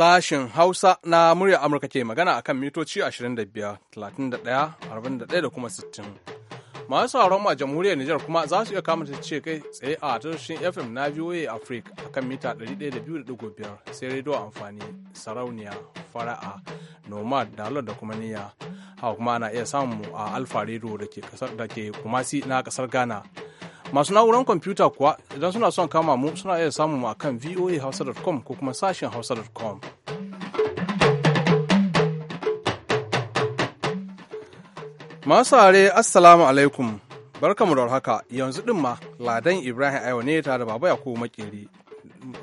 sashen Hausa na murya Amurka ke magana akan mitoci 25, 31, 41 da kuma 60. Masu sauran a jamhuriyar Nijar kuma za su iya kamata ce kai tsaye a tashoshin FM na VOA Africa akan mita 102.5 sai rediyo amfani sarauniya fara'a nomad dalar da kuma niyya hawa kuma ana iya samu a alfa rediyo da ke kumasi na kasar Ghana Masu na'urar kwamfuta kuwa idan suna son kama mu suna iya samun mu a kan voahausa.com ko kuma sashen hausa.com. Masu are assalamu alaikum barkamu da haka yanzu din ma ladan Ibrahim Aiwa ne tare da baba Yakubu Makeri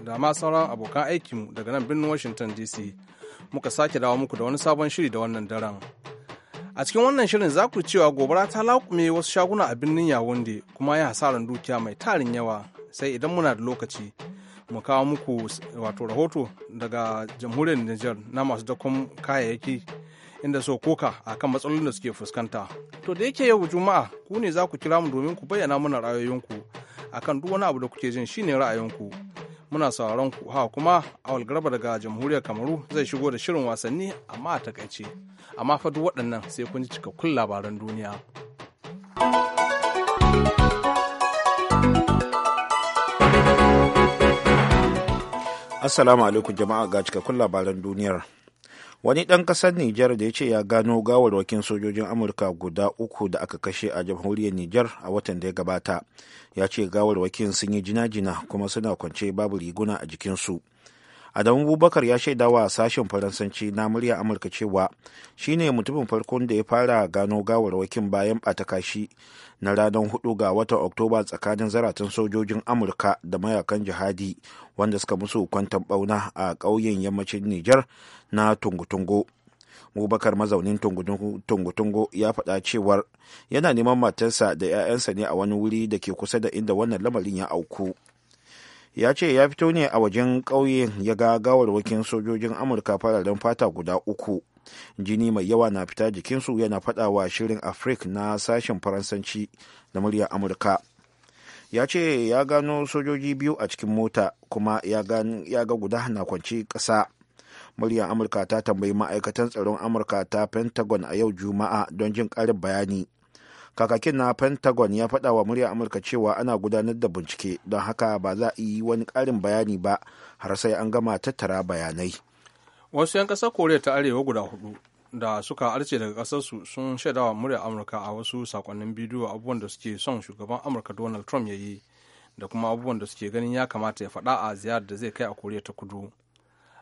da ma sauran abokan aikinmu daga nan birnin Washington DC muka sake dawo muku da wani sabon shiri da wannan daren. a cikin wannan shirin za ku cewa gobara ta laƙume wasu shaguna a birnin yawunde kuma ya hasaran dukiya mai tarin yawa sai idan muna da lokaci mu kawo muku wato rahoto daga jamhuriyar niger na masu dakon kayayyaki inda so koka a kan matsalolin da suke fuskanta to da yake yau juma'a ku ne za ku kira mu domin ku bayyana mana ra'ayoyinku akan duk wani abu da kuke jin shine ra'ayinku muna sauraron ku ha kuma awal garba daga jamhuriyar kamaru zai shigo da shirin wasanni amma a takaice amma fa duk waɗannan sai kun ji cikakkun labaran duniya assalamu alaikum jama'a ga cikakkun labaran duniyar wani ɗan ƙasar nijar da ya ce ya gano gawarwakin sojojin amurka guda uku da aka kashe a jamhuriyar nijar a watan da ya gabata ya ce gawarwakin sun yi jina-jina kuma suna kwance babu riguna a jikinsu adamu bubakar ya shaida wa sashen faransanci na murya amurka cewa shine mutumin farkon da ya fara gano gawarwakin bayan ɓata kashi na ranar 4 ga watan oktoba tsakanin zaratan sojojin amurka da mayakan jihadi wanda suka musu kwantan bauna a ƙauyen yammacin nijar na tungutungo bubakar mazaunin tungutungo ya faɗa cewar yana neman matarsa da 'ya'yansa ne a wani wuri da ke kusa da inda wannan lamarin ya auku ya ce ya fito ne a wajen ƙauye ya ga gawarwakin sojojin amurka fararen fata guda uku jini mai yawa na fita jikinsu yana faɗawa shirin afrik na sashen faransanci da muryar amurka ya ce ya gano sojoji biyu a cikin mota kuma ya ga guda na kwanci ƙasa muryar amurka ta tambayi ma'aikatan tsaron amurka ta pentagon a yau juma'a don jin ƙarin bayani kakakin na pentagon ya faɗa wa murya amurka cewa ana gudanar da bincike don haka ba za a yi wani karin bayani ba har sai an gama tattara bayanai wasu 'yan ƙasar koriya ta arewa guda hudu da suka arce daga ƙasarsu sun shaidawa murya amurka a wasu sakonnin bidiyo abubuwan da suke son shugaban amurka donald trump ya yi da kuma abubuwan da suke ganin ya kamata ya faɗa a ziyarar da zai kai a koriya ta kudu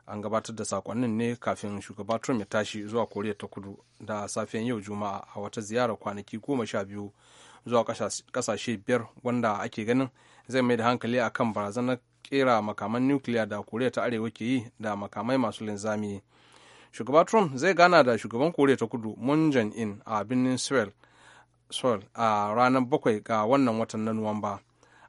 an gabatar da sakonnin ne kafin shugaba trump ya tashi zuwa koriya ta kudu da safiyan yau juma'a a wata ziyara kwanaki goma sha biyu zuwa kasashe biyar wanda ake ganin zai mai da hankali a kan barazanar kera makaman nukiliya da koriya ta arewa ke yi da makamai masu linzami shugaba trump zai gana da shugaban koriya ta kudu moon in a birnin seoul a ranar bakwai ga wannan watan na nuwamba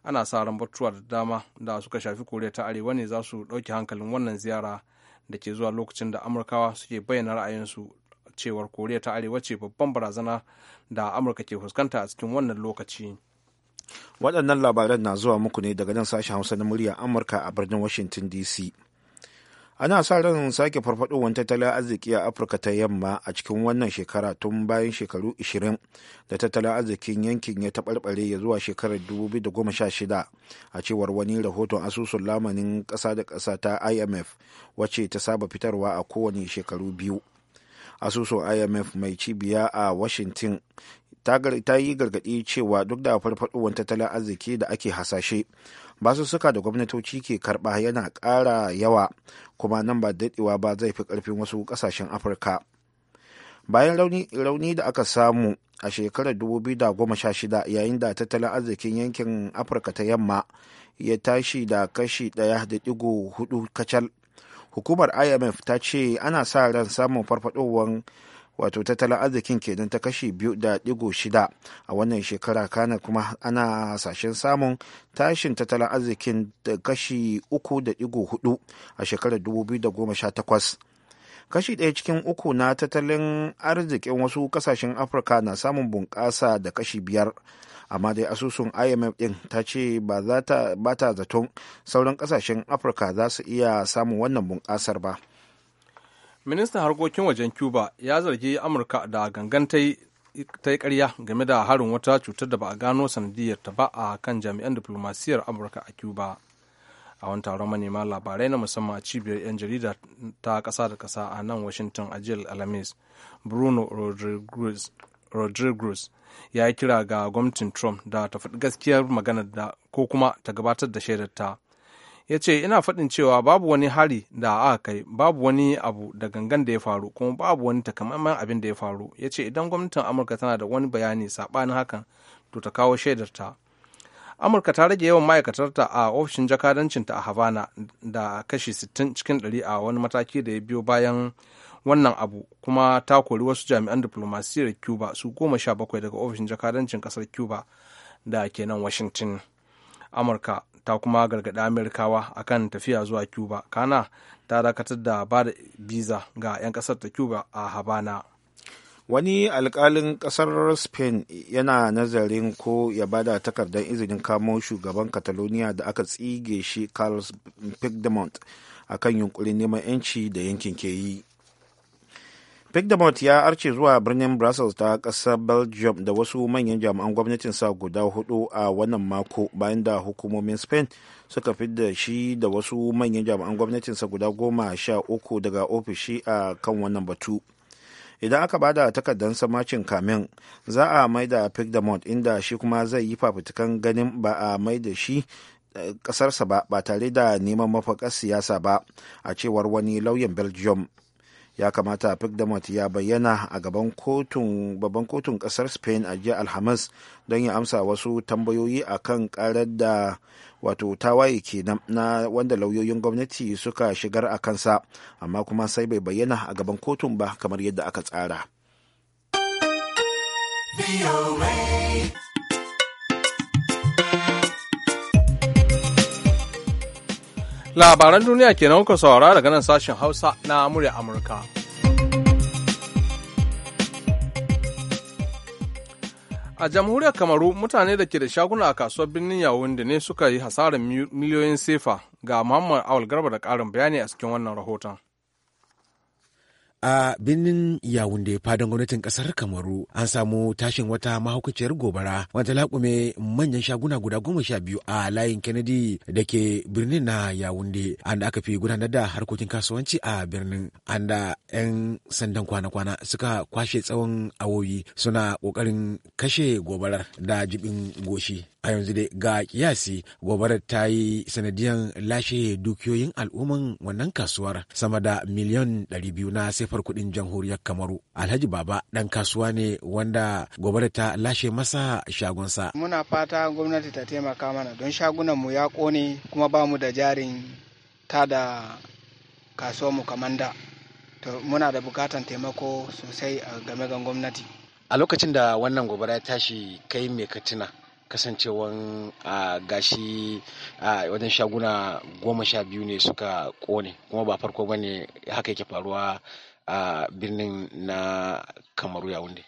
ana sa ran batutuwa da dama da suka shafi koriya ta arewa ne za su ɗauki hankalin wannan ziyara da ke zuwa lokacin da amurkawa suke bayyana ra'ayinsu cewar koriya ta arewa ce babban barazana da amurka ke fuskanta a cikin wannan lokaci waɗannan labaran na zuwa muku ne daga nan sashen hausa na murya amurka a birnin washington dc ana sa ran sake farfadowar tattalin arziki a afirka ta yamma a cikin wannan shekara tun bayan shekaru 20 da tattalin arzikin yankin ya taɓarɓare ya zuwa shekarar 2016 a cewar wani rahoton asusun lamanin ƙasa da ƙasa ta imf wacce ta saba fitarwa a kowane shekaru biyu asusun imf mai cibiya a washington ta yi gargaɗi cewa duk da farfadowar tattalin arziki da ake hasashe basussuka da gwamnatoci ke karɓa yana ƙara yawa kuma nan ba daɗewa ba zai fi ƙarfin wasu ƙasashen afirka bayan rauni da aka samu a shekarar 2016 yayin da tattalin arzikin yankin afirka ta yamma ya tashi da kashi da hudu kacal hukumar imf ta ce ana sa ran samun farfadowar wato tattalin arzikin kenan ta kashi biyu da digo shida a wannan shekara kana kuma ana sashen samun tashin tattalin arzikin da kashi uku da digo hudu a shekarar 2018 kashi ɗaya cikin uku na tattalin arzikin wasu kasashen afirka na samun bunƙasa da kashi biyar amma dai asusun imf ɗin ta ce ba ta zaton sauran kasashen afirka za su iya samun wannan bunƙasar ba. ministan harkokin wajen cuba ya zargi amurka da gangan ta yi karya game da harin wata cutar da ba a gano sanadiyar ta ba a kan jami'an diplomasiyar amurka a cuba a wani taron manema labarai na musamman a cibiyar 'yan jarida ta kasa da kasa a nan washington a jiya alhamis bruno rodriguez ya yi kira ga gwamnatin trump da ta faɗi gaskiyar magana da ko kuma ta gabatar da shaidar ta ya ce ina faɗin cewa babu wani hari da a kai babu wani abu da gangan da ya faru kuma babu wani takamaiman abin da ya faru ya ce idan gwamnatin amurka tana da wani bayani saɓanin hakan to ta kawo shaidar ta. amurka ta rage yawan ma'aikatarta a ofishin jakadancinta a havana da kashi 60 cikin 100 a wani mataki da ya biyo bayan wannan abu kuma ta kori wasu jami'an diplomasiyyar cuba su goma sha bakwai daga ofishin jakadancin kasar cuba da ke nan washington amurka ta kuma gargaɗi amerikawa akan tafiya zuwa cuba kana ta dakatar da ba da biza ga 'yan ƙasar ta cuba a habana wani alkalin ƙasar spain yana nazarin ko ya bada takardar izinin kamo shugaban catalonia da aka tsige shi carlos puigdemont akan yunkurin neman 'yanci da yankin ke yi Pigdemont ya arce zuwa birnin Brussels ta ƙasar Belgium da wasu manyan jami'an gwamnatin sa guda hudu a wannan mako bayan da hukumomin Spain suka fidda shi da wasu manyan jami'an gwamnatin sa guda goma sha uku daga ofishi a kan wannan batu. Idan aka bada takardar samacin kamin za a maida Pigdemont inda shi kuma zai yi fafutukan ganin ba a mai da shi kasarsa eh, ba ba tare da neman mafakar siyasa ba a cewar wani lauyan Belgium. ya kamata pigdamot ya bayyana a gaban kotun babban kotun kasar spain a jiya alhamis don ya amsa wasu tambayoyi a kan karar da wato tawaye kenan na wanda lauyoyin gwamnati suka shigar a kansa amma kuma sai bai bayyana a gaban kotun ba kamar yadda aka tsara. Labaran duniya kenan kuka saurara daga nan sashen Hausa na murya Amurka. A jamhuriyar Kamaru mutane da ke da shaguna a kasuwar birnin da ne suka yi hasarar miliyoyin sefa ga Muhammad Awal Garba da ƙarin bayani a cikin wannan rahoton. a birnin yawunde fadan gwamnatin kasar kamaru an samu tashin wata mahaukaciyar gobara wata laƙume manyan shaguna guda goma sha biyu a layin kennedy da ke birnin na yawunde an aka fi gudanar da harkokin kasuwanci a birnin an da 'yan sandan kwana-kwana suka kwashe tsawon awoyi suna ƙoƙarin kashe gobarar da jibin goshi a yanzu dai ga kiyasi gobarar ta yi sanadiyan lashe dukiyoyin al'umman wannan kasuwar sama da miliyan 200 na sifar kudin jamhuriyar kamaru alhaji baba dan kasuwa ne wanda gobarar ta lashe masa shagonsa muna fata gwamnati ta taimaka mana don shagunan mu ya kone kuma ba mu da jarin ta da kasuwar mu kamar da muna da bukatan taimako sosai a game ga gwamnati a lokacin da wannan gobara ya tashi kai mai katina kasancewan a gashi a wajen shaguna goma sha biyu ne suka kone kuma ba farko ba ne haka yake faruwa a birnin na kamaru ya wunde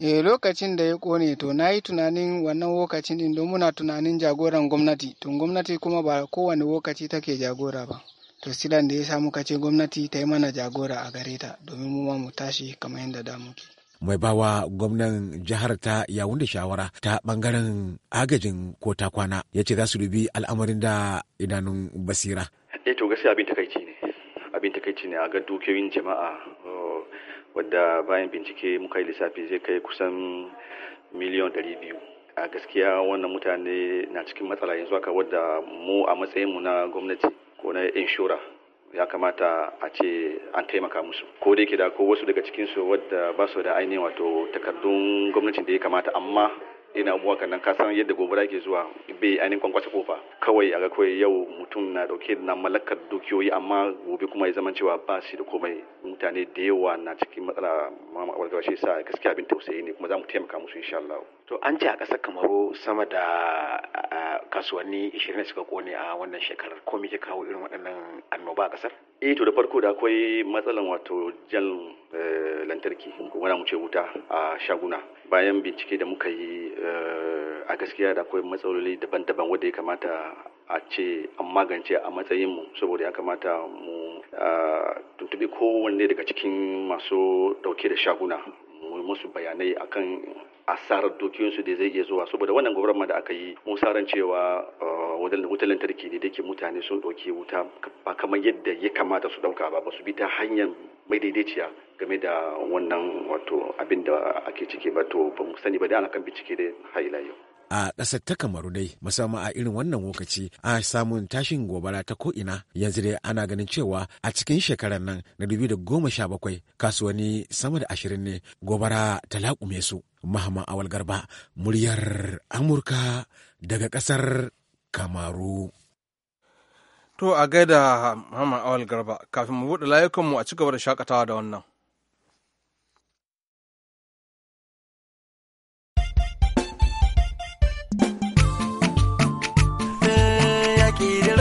e lokacin da ya kone to na yi tunanin wannan lokacin din don muna tunanin jagoran gwamnati to gwamnati kuma ba kowane lokaci take jagora ba to silan da ya samu kace gwamnati ta yi mana jagora a gare ta domin mu ma mu tashi kamar yadda da muke mai bawa gwamnan jihar ta yawun da shawara ta bangaren agajin ko ta kwana ya ce za su dubi al'amarin da idanun basira. E to gaskiya abin takaici ne abin takaici ne a ga dukiyoyin jama'a oh, wadda bayan bincike muka yi lissafi zai kai kusan miliyan ɗari biyu a gaskiya wannan mutane na cikin matsala yanzu haka wadda mu a matsayinmu na gwamnati ko na inshora ya kamata a ce an taimaka musu ko da yake da ko wasu daga cikinsu wadda ba su da ainihin wato takardun gwamnati da ya kamata amma ina abubuwa kan nan kasan yadda gobara ke zuwa bai ainihin kwankwasa kofa kawai a ga kawai yau mutum na dauke na mallakar dukiyoyi amma gobe kuma ya zama cewa ba shi da komai mutane da yawa na cikin matsala ma ma'abar shi sa gaskiya abin tausayi ne kuma za mu taimaka musu insha Allah to an ce a ƙasar Kamaru sama da kasuwanni 20 suka kone a wannan shekarar ko me kawo irin waɗannan annoba a ƙasar eh to da farko da akwai matsalan wato jan eh, lantarki ko wani mu ce wuta a shaguna bayan bincike da muka yi eh, a gaskiya da akwai matsaloli daban-daban wanda ya kamata a ce an magance a matsayinmu saboda ya kamata mu tuntubi kowanne daga cikin masu dauke da shaguna mu musu bayanai akan asarar dukiyoyinsu da zai iya zuwa saboda wannan gwamnati da aka yi mun saran cewa wutar lantarki ne da ke mutane sun ɗauki wuta ba kamar yadda ya kamata su ɗauka ba ba su bi ta hanyar mai daidaiciya game da wannan wato abin da ake ciki ba to ba mu sani ba da ana kan bincike da haila yau a ƙasar ta kamaru dai musamman a irin wannan lokaci a samun tashin gobara ta ko'ina yanzu dai ana ganin cewa a cikin shekarar nan na da goma sha bakwai kasuwanni sama da ashirin ne gobara ta laƙume su mahama awal garba muryar amurka daga ƙasar kamaru to a gaida mahama awal garba kafin mu buɗe layukanmu a cigaba da shakatawa da wannan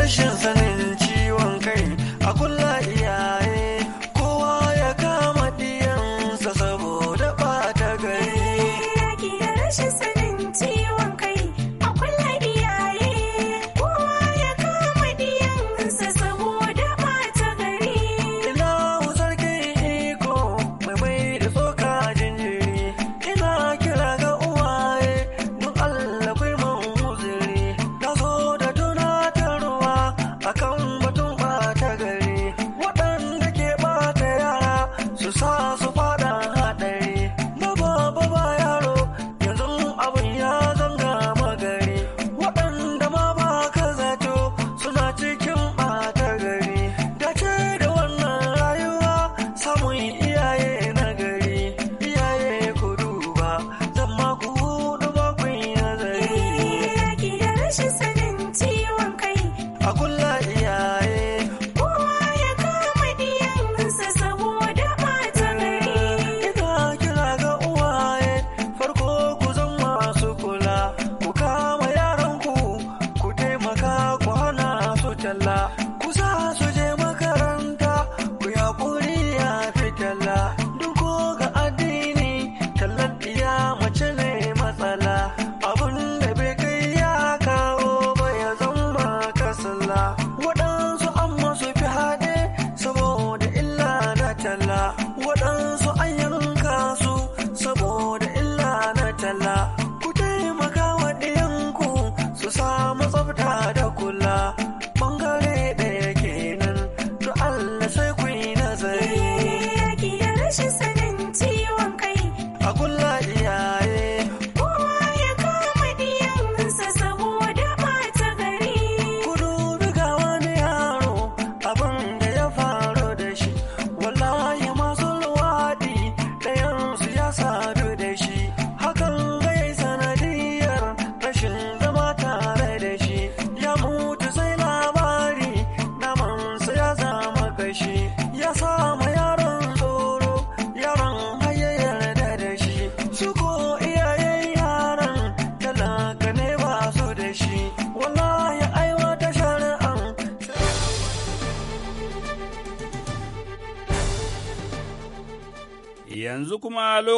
rashin sanin ciwon kai a kullum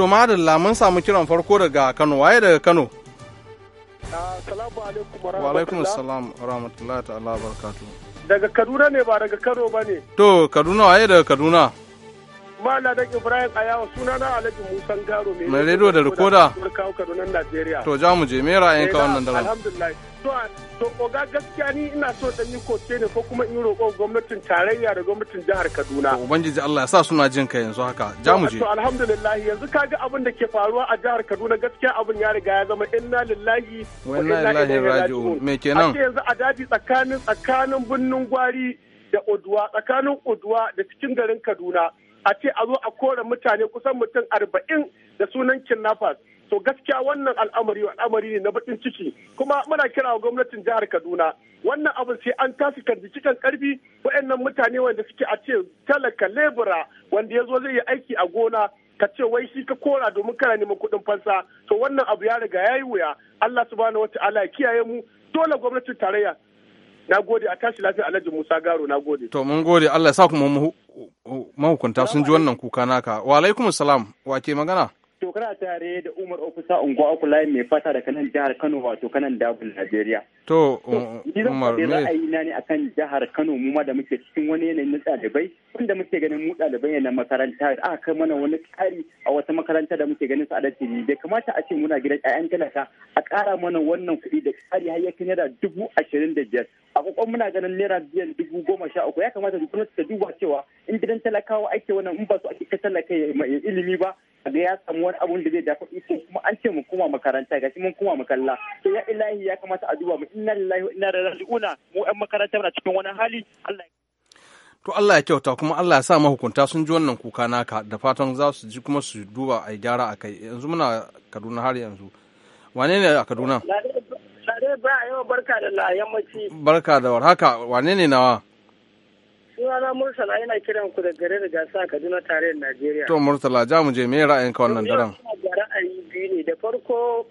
To madalla mun samu kiran farko daga Kano waye daga Kano? Assalamu alaikum wa alaikum assalam wa rahmatullahi ta'ala barakatuh. Daga Kaduna ne ba daga Kano bane. To Kaduna waye daga Kaduna? da Ibrahim Ayawa sunana Alhaji Musa Garo mai mai rediyo da rikoda kawo Kaduna Najeriya. To ja mu je me ra'ayin ka eh, wannan dalar. Alhamdulillah. To to oga gaskiya ni ina so dan yi koke ne ko kuma in roƙo gwamnatin tarayya da gwamnatin jihar Kaduna. Ubangiji Allah ya sa suna jin ka yanzu haka. Ja mu je. To alhamdulillah yanzu kaga abin da ke faruwa a jihar Kaduna gaskiya abin ya riga ya zama inna lillahi wa inna ilaihi raji'un. Me kenan? ake yanzu a daji tsakanin tsakanin birnin Gwari da Oduwa tsakanin Oduwa da cikin garin Kaduna. a ce a zo a kore mutane kusan mutum arba'in da sunan kidnappers to gaskiya wannan al'amari al'amari ne na bakin ciki kuma muna kira wa gwamnatin jihar Kaduna wannan abin sai an tasi kan cikin karfi waɗannan mutane wanda suke a ce talaka lebura wanda ya zo zai yi aiki a gona ka ce wai shi ka kora domin kana neman kuɗin fansa to wannan abu ya riga ya yi wuya Allah subhanahu wataala ya kiyaye mu dole gwamnatin tarayya na gode a tashi lafiya Alhaji Musa Garo na gode to mun gode Allah ya sa kuma mu mahukunta sun ji wannan kuka naka wa alaikum salam wa ke magana to kana tare da Umar Ofisa Unguwa Akula mai fata da kanan jihar Kano wato kanan Dabul Najeriya. To um, Umar yi na ne kan jihar Kano mu ma da muke cikin wani yanayi na ɗalibai wanda muke ganin mu ɗalibai na makaranta da aka kai mana wani tsari a wata makaranta da muke ganin a tiri bai kamata a ce muna gidan ƴaƴan talaka a ƙara mana wannan kuɗi da tsari har ya naira dubu ashirin da biyar a kokon muna ganin naira biyan dubu goma sha uku ya kamata gwamnati ta duba cewa in gidan talakawa ake wannan in ba su ake talaka ilimi ba ga ya samu wani abun da zai dafa iko kuma an ce mu koma makaranta gashi mun koma kalla to ya ilahi ya kamata a duba mu inna lillahi wa inna ilaihi raji'una mu ɗan makaranta muna cikin wani hali Allah to Allah ya kyauta kuma Allah ya sa mahukunta sun ji wannan kuka naka da fatan za su ji kuma su duba a gyara a kai yanzu muna Kaduna har yanzu wane ne a Kaduna lare ba yau barka da la yammaci barka da warhaka wane ne nawa Sunana Murtala yana kiran ku da garin Rigasa Kaduna tarayyar Najeriya. To Murtala ja mu je me ra'ayin ka wannan daren? da ra'ayi biyu ne da farko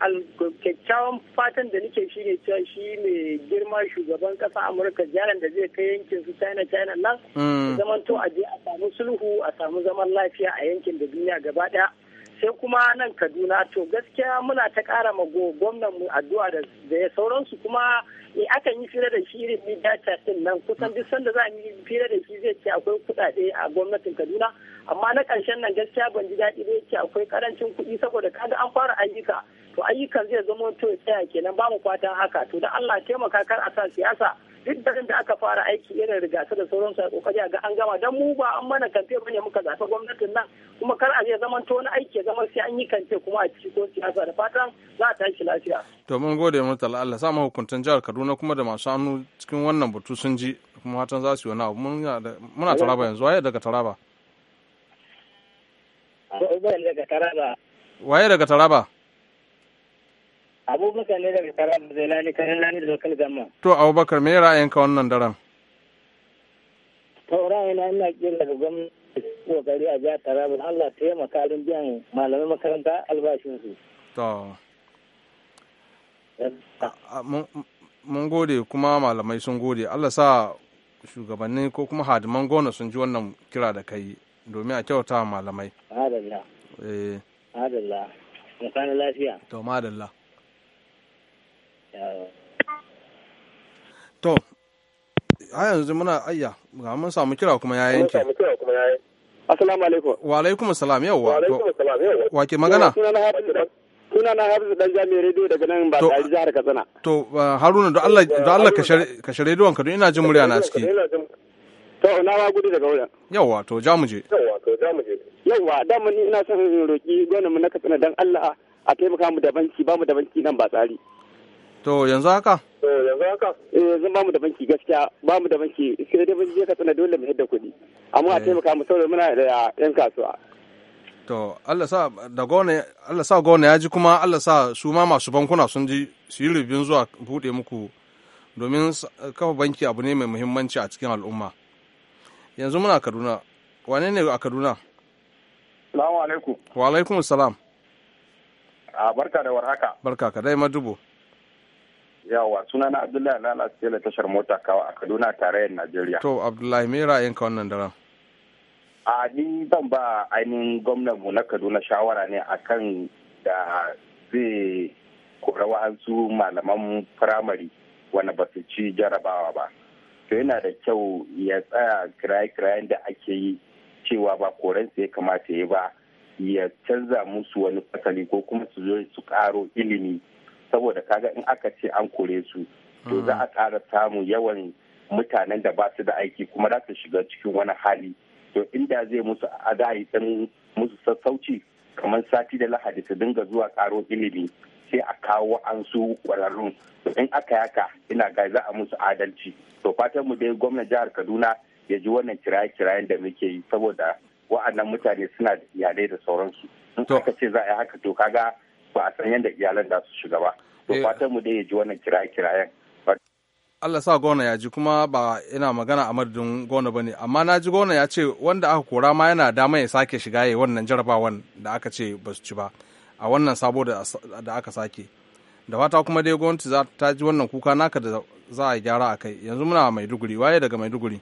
kyakkyawan fatan da nake shi ne cewa shi ne girma shugaban kasa Amurka jaran da zai kai yankin su China China nan. Hmm. Zaman to a je a samu sulhu a samu zaman lafiya a yankin da duniya gaba ɗaya. sai kuma nan kaduna to gaskiya muna ta kara ma gwamnan mu addu'a da ya sauransu kuma e akan yi fira da shi irin media din nan kusan duk sanda za mu yi fira da shi zai ce akwai kuɗaɗe a gwamnatin kaduna amma na karshen nan gaskiya ban ji daɗi ba ce akwai karancin kuɗi saboda kaga an fara ayyuka to ayyukan zai zama to tsaya kenan ba mu fatan haka to da Allah taimaka kar a sa siyasa duk da da aka fara aiki irin rigasa da sauransu a kokari ga an gama dan mu ba an mana kamfe bane muka zafa gwamnatin nan kuma kar a zai zama to wani aiki zama sai an yi kamfe kuma a ciki ko siyasa da fatan za a tashi lafiya to mun gode mu tala Allah sa hukuntan jihar Kaduna kuma da masu hannu cikin wannan batu sun ji kuma hatan za su yi wani abu muna taraba yanzu waye daga taraba waye daga taraba abubakar ne daga karam zelani kanin lani local gama to abubakar me ra'ayinka wannan daren to ra'ayina ina kira daga gwamnati kokari a jihar taraba allah taimaka makarin biyan malamai makaranta albashinsu to mun gode kuma malamai sun gode allah sa shugabanni ko kuma hadiman gona sun ji wannan kira da kai domin a kyauta malamai adalla eh. adalla lafiya to madalla to a yanzu muna ayya ga mun samu kira kuma ya yanke assalamu alaikum wa alaikum assalam yawwa wa Wa alaikum ke magana suna na Hafizu dan jami'in rediyo daga nan ba ta jihar Katsina. To Haruna don Allah don Allah ka share rediyon ka don ina jin murya na ciki. To na wa gudu daga wurin. Yawwa to ja mu je. Yawwa to ja mu je. Yawwa da mun ina son in roki gwamnati na Katsina dan Allah a taimaka mu da banki ba mu da banki nan ba tsari. To yanzu haka? To yanzu haka eh, yanzu ba mu da banki gaskiya ba mu da banki sai dai banki ka tana dole mu hidda kuɗi amma a eh. taimaka mu saboda muna da yan kasuwa. To Allah sa da gona Allah sa gona ya ji kuma Allah sa su ma masu bankuna sun ji su yi rubin zuwa buɗe muku domin kafa banki abu ne mai muhimmanci a cikin al'umma. Yanzu muna Kaduna. Wane ne a Kaduna? Salamu alaikum. Wa alaikum salam. A ah, barka da warhaka. Barka ka dai madubo. yawa sunana abdullahi lala sela tashar mota kawa a kaduna tarayyar najeriya to abdullahi me ra'ayinka wannan daren a ni zan ba ainihin gwamnan mu na kaduna shawara ne akan da zai kora wa'ansu malaman firamare wanda ba su ci jarabawa ba to yana da kyau ya tsaya kiraye-kirayen da ake yi cewa ba korensa ya kamata ya ba ya canza musu wani fasali ko kuma su zo su karo ilimi saboda kaga in aka ce an kore su to za a ƙara samun yawan mutanen da ba su da aiki kuma za su shiga cikin wani hali to inda zai musu yi ɗan musu sassauci kamar sati da lahadi su dinga zuwa karo ilimi sai a kawo an su ƙwararrun to in aka yaka ina ga za a musu adalci to fatan mu dai gwamnan jihar kaduna ya ji wannan kiraye-kirayen da muke yi saboda wa'annan mutane suna da iyalai da sauransu in aka ce za a yi haka to kaga ba a san yadda iyalan da su shiga ba to eh. fatan mu dai ya ji wannan kira kirayen Allah sa gona ya ji kuma ba ina magana a madadin gona ba ne amma na ji gona ya ce wanda aka kora ma yana dama ya sake shiga ya wannan jarabawan da aka ce ba su ci ba a wannan sabo da aka sake da fata kuma dai gwamnati za ta ji wannan kuka naka da za a gyara a kai yanzu muna maiduguri waye daga maiduguri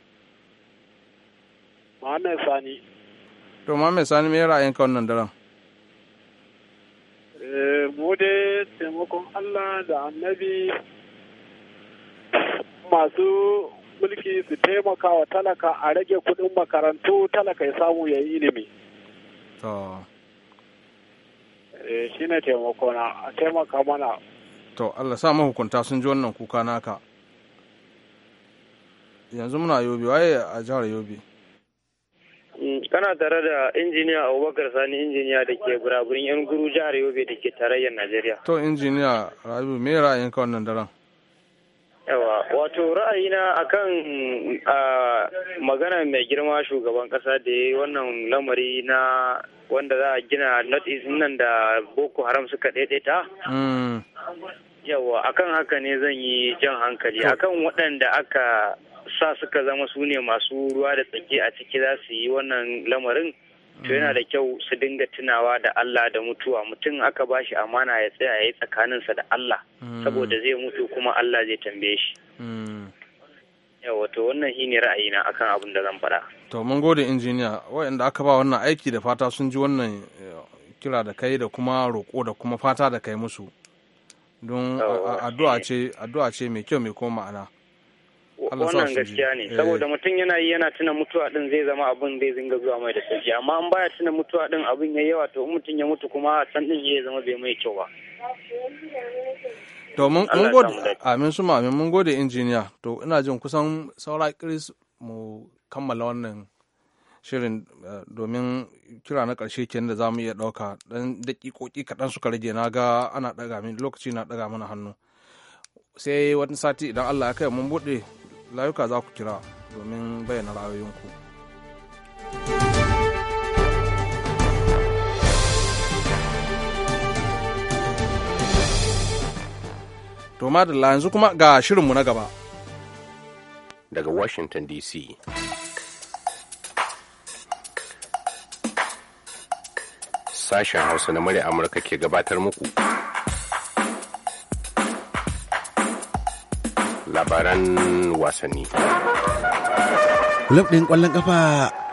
Muhammad Sani. To Muhammad Sani me ra'ayinka wannan daren? Eh, mu dai taimakon Allah da annabi masu mulki su taimaka wa talaka a rage kudin makarantu talaka ya samu ya yi ilimi. To. Eh, shi ne taimakona, a taimaka mana. To, Allah sa mahukunta sun ji wannan kuka naka. Yanzu muna yobe, waye a jihar yobe? Kana tare da injiniya Abubakar Sani injiniya da ke buraburin yan guru jihar Yobe da ke tarayyar Najeriya. To injiniya Rabiu me ra'ayin ka wannan daren? Yawa, wato ra'ayina akan magana mai girma shugaban kasa da ya yi wannan lamari na wanda za a gina North East nan da Boko Haram suka daidaita. Mm. Yawa, akan haka ne zan yi jan hankali akan waɗanda aka sa suka zama su ne masu ruwa da tsaki a ciki za su yi wannan lamarin to yana da kyau su dinga tunawa da Allah da mutuwa mutum aka ba shi amana ya tsaya ya yi tsakaninsa da Allah mm. saboda zai mutu kuma Allah zai tambaye shi mm. yawa to wannan shi ne ra'ayina akan abin da zan faɗa to mun gode injiniya waɗanda aka ba wannan aiki da fata sun ji wannan eh, kira da kai da kuma roƙo da kuma fata da kai musu don addu'a ce mai kyau mai kuma ma'ana wannan gaskiya ne saboda eh. mutum yana yi yana tuna mutuwa din zai zama abin zai zinga zuwa mai da sauki amma an baya tuna mutuwa din abin ya yawa to mutum ya mutu kuma san din zai zama bai mai kyau ba to mun gode amin suma amin mun gode injiniya to ina jin kusan saura kiris mu kammala wannan shirin eh, domin kira na karshe kenan da za mu iya ɗauka dan daƙiƙoƙi kaɗan suka rage na ga ana ɗaga min lokaci na ɗaga mana hannu sai wani sati idan allah ya kai mun buɗe layuka za ku kira domin bayyana ra'ayoyinku. To madalla yanzu kuma ga shirinmu na gaba. Daga Washington DC. Sashen Hausa na murya Amurka ke gabatar muku. labaran wasanni. ɗin ƙwallon ƙafa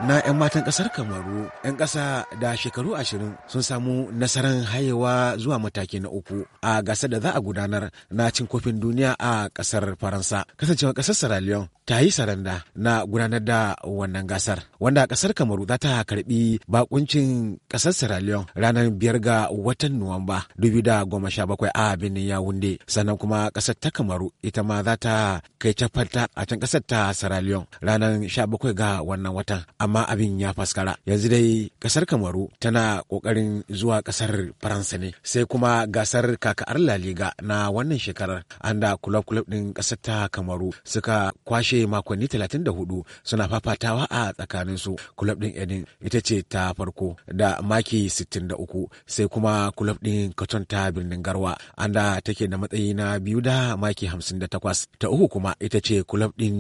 na 'yan matan ƙasar Kamaru 'yan ƙasa da shekaru ashirin sun samu nasarar hayewa zuwa mataki na uku a gasar da za a gudanar na cin kofin duniya a ƙasar Faransa. Kasancewar ƙasar Sierra ta yi saranda na gudanar da wannan gasar wanda kasar kamaru za ta karbi bakuncin kasar sierra leone ranar biyar ga watan nuwamba bakwai a birnin yawunde sannan kuma kasar ta kamaru ita ma za ta kai tafarta a can kasar ta sierra leone ranar bakwai ga wannan watan amma abin ya faskara yanzu dai kasar kamaru tana kokarin zuwa kasar faransa ne sai kuma gasar kaka'ar la liga na wannan shekarar an da kulab-kulab din kasar ta kamaru suka kwashe kwashe makonni 34 suna fafatawa a tsakanin su kulob ɗin edin ita ce ta farko da maki 63 sai kuma kulob ɗin katon ta birnin garwa anda take da matsayi na biyu da maki 58 ta uku kuma ita ce kulob ɗin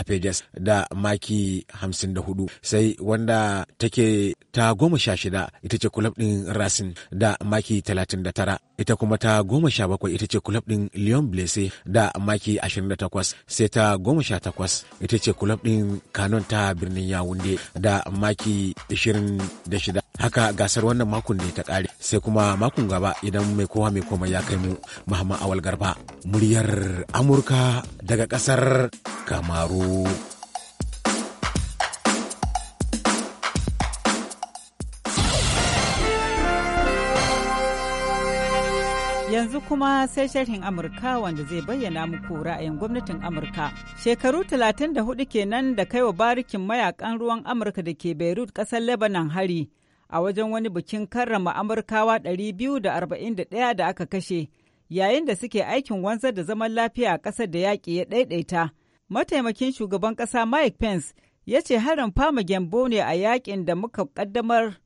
apejas da maki 54 sai wanda take ta goma sha shida ita ce kulob ɗin rasin da maki 39 ita kuma ta goma sha bakwai ita ce kulab ɗin lion blesse da maki ashirin da takwas sai ta goma sha takwas ita ce kulab ɗin Kanon ta birnin Yawunde da maki ashirin da shida. Haka gasar wannan makon ne ta ƙare sai kuma makon gaba idan mai kowa mai komai ya kai mu Muhammad Awal Garba muryar Amurka daga ƙasar Kamaru. Yanzu kuma sai sharhin Amurka wanda zai bayyana muku ra'ayin gwamnatin Amurka. Shekaru 34 kenan da kaiwa barikin mayakan ruwan Amurka da ke Beirut ƙasar Lebanon hari a wajen wani bikin karrama Amurkawa 241 da aka kashe yayin da suke aikin wanzar da zaman lafiya a ƙasar da yaƙi ya ɗaiɗaita. Mataimakin shugaban ƙasa Mike Pence ya ce harin fama gembo ne a yaƙin da muka ƙaddamar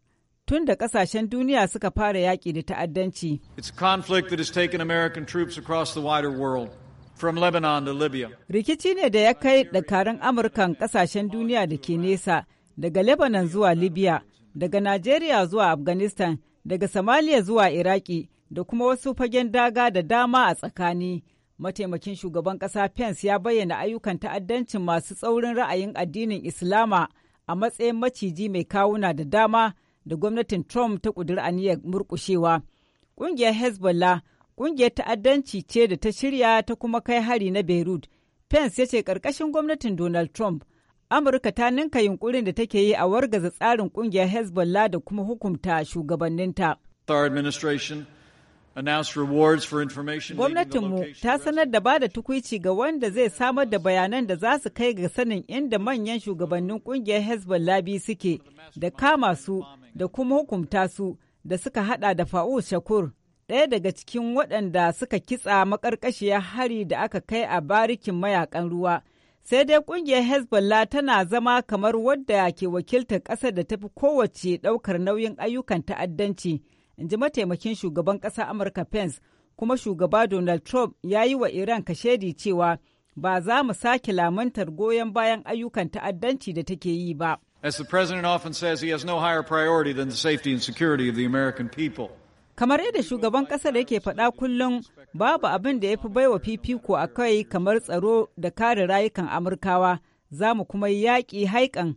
tun da kasashen duniya suka fara yaƙi da ta'addanci. It's a conflict that has taken American troops across the wider world. From Lebanon to Libya. Rikici ne da ya kai dakarun Amurkan kasashen duniya da ke nesa, daga Lebanon zuwa Libya, daga Najeriya zuwa Afghanistan, daga Somalia zuwa Iraki, da kuma wasu fagen daga da dama a tsakani. Mataimakin shugaban ƙasa Pence ya bayyana ayyukan ta'addancin masu tsaurin ra'ayin addinin Islama a matsayin maciji mai kawuna da dama da gwamnatin Trump ta ƙudiri aniyar murƙushewa. Ƙungiyar Hezbollah ƙungiyar ta'addanci ce da ta shirya ta kuma kai hari na Beirut. Pence ya ce ƙarƙashin gwamnatin Donald Trump, Amurka ta ninka yunƙurin da take yi a wargaza tsarin ƙungiyar Hezbollah da kuma hukunta shugabanninta. Gwamnatinmu ta sanar da ba da tukuici ga wanda zai samar da bayanan da za su kai ga sanin inda manyan shugabannin kungiyar Hezbollah biyu suke da kama su da kuma hukumta su da suka hada da Fa'u Shakur, ɗaya daga cikin waɗanda suka kitsa maƙarƙashiyar hari da aka kai a barikin mayakan ruwa. Sai dai ƙungiyar Hezbollah tana zama kamar wadda ke wakiltar ƙasar da tafi kowace ɗaukar nauyin ayyukan ta'addanci. in ji mataimakin shugaban ƙasa Amurka Pence, kuma shugaba Donald Trump ya yi wa Iran kashedi cewa ba za mu sake lamantar goyon bayan ayyukan ta'addanci da take yi ba. As the president often says, he has no higher priority than the safety and security of the American people. Kamar yadda shugaban ƙasar yake faɗa kullum babu abin da ya fi baiwa fifiko a kai kamar tsaro da kare rayukan Amurkawa, za mu kuma yaƙi haikan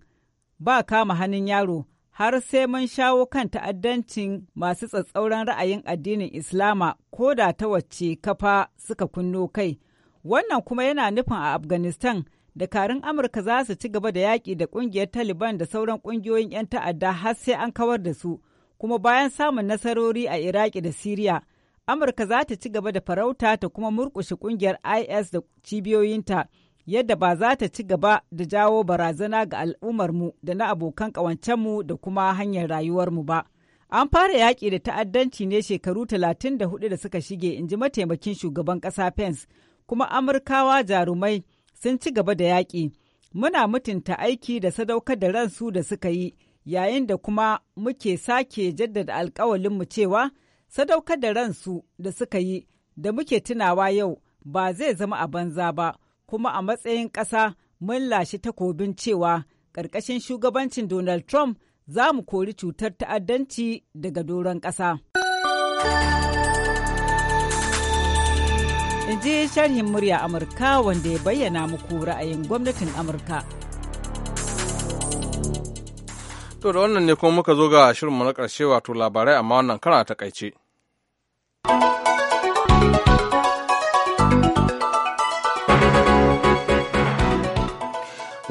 ba kama hannun yaro. har sai mun shawo kan ta'addancin masu tsatsauran ra'ayin addinin Islama ko da ta wacce kafa suka kunno kai. Wannan kuma yana nufin a Afghanistan dakarun Amurka za su ci gaba da yaƙi da ƙungiyar Taliban da sauran ƙungiyoyin 'yan ta'adda har sai an kawar da su, kuma bayan samun nasarori a Iraki da Siriya, Amurka za ta ci gaba da farauta ta kuma murƙushe ƙungiyar IS da cibiyoyinta. yadda ba za ta ci gaba da jawo barazana ga al'ummarmu da na abokan ƙawancenmu da kuma hanyar rayuwarmu ba. An fara yaƙi da ta'addanci ne shekaru talatin da hudu da suka shige, in ji mataimakin shugaban ƙasa Pence, kuma Amurkawa jarumai sun ci gaba da yaƙi. Muna mutunta aiki da sadaukar da ransu da suka yi, yayin da kuma muke sake jaddada mu cewa sadaukar da ransu da suka yi da muke tunawa yau ba zai zama a banza ba. kuma a matsayin ƙasa mun lashe takobin cewa ƙarƙashin shugabancin Donald Trump za mu kori cutar ta'addanci daga doron ƙasa. In ji sharhin murya Amurka wanda ya bayyana muku ra'ayin gwamnatin Amurka. To da wannan ne kuma muka zo ga shirinmu na ƙarshe wato labarai amma wannan kara takaice.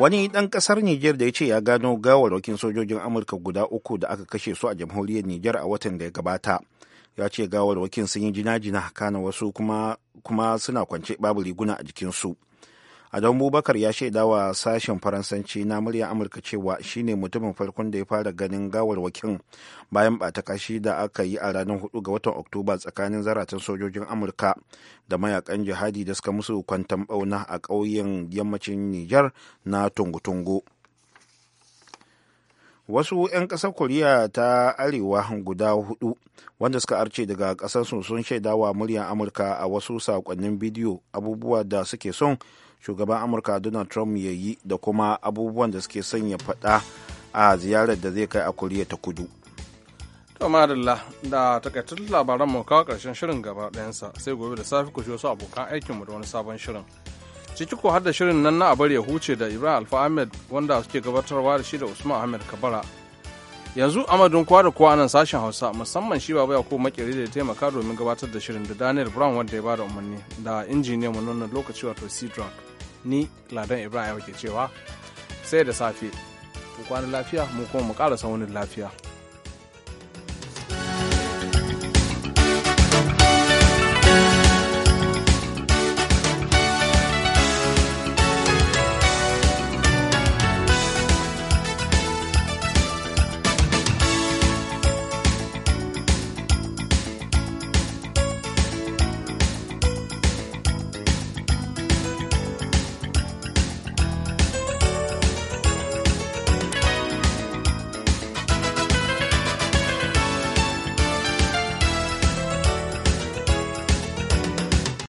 wani ɗan ƙasar nijar da ya ce ya gano gawarwakin sojojin amurka guda uku da aka kashe su a jamhuriyar nijar a watan da ya gabata ya ce gawarwakin sun yi jina-jina kana wasu kuma, kuma suna kwance babu riguna a jikinsu Adamu Bubakar ya shaida wa sashen Faransanci na murya Amurka cewa shine mutumin farkon da ya fara ganin gawar gawarwakin bayan bata kashi da aka yi a ranar 4 ga watan Oktoba tsakanin zaratan sojojin Amurka da mayakan jihadi da suka musu kwantan bauna a ƙauyen yammacin Nijar na Tungu-Tungu. wasu 'yan ƙasar koriya ta arewa guda hudu wanda suka arce daga ƙasarsu sun shaidawa muryar amurka a wasu saƙonnin bidiyo abubuwa da suke son shugaban amurka donald trump ya yi da kuma abubuwan da suke son ya faɗa a ziyarar da zai kai a koriya ta kudu madalla da takaitattun labaran mu kawo karshen shirin gaba ɗayansa sai gobe da safi ku wasu abokan aikinmu da wani sabon shirin ciki ko har da shirin nan na abar ya huce da ibrahim alfa ahmed wanda suke gabatarwa da shi da usman ahmed kabara yanzu amadun kowa da kowa nan sashen hausa musamman shi baba ya ko makere da ya taimaka domin gabatar da shirin da daniel brown wanda ya bada umarni da injiniyan mu nan lokaci wato c ni ladan ibrahim ke cewa sai da safe ku kwana lafiya mu kuma mu ƙara wani lafiya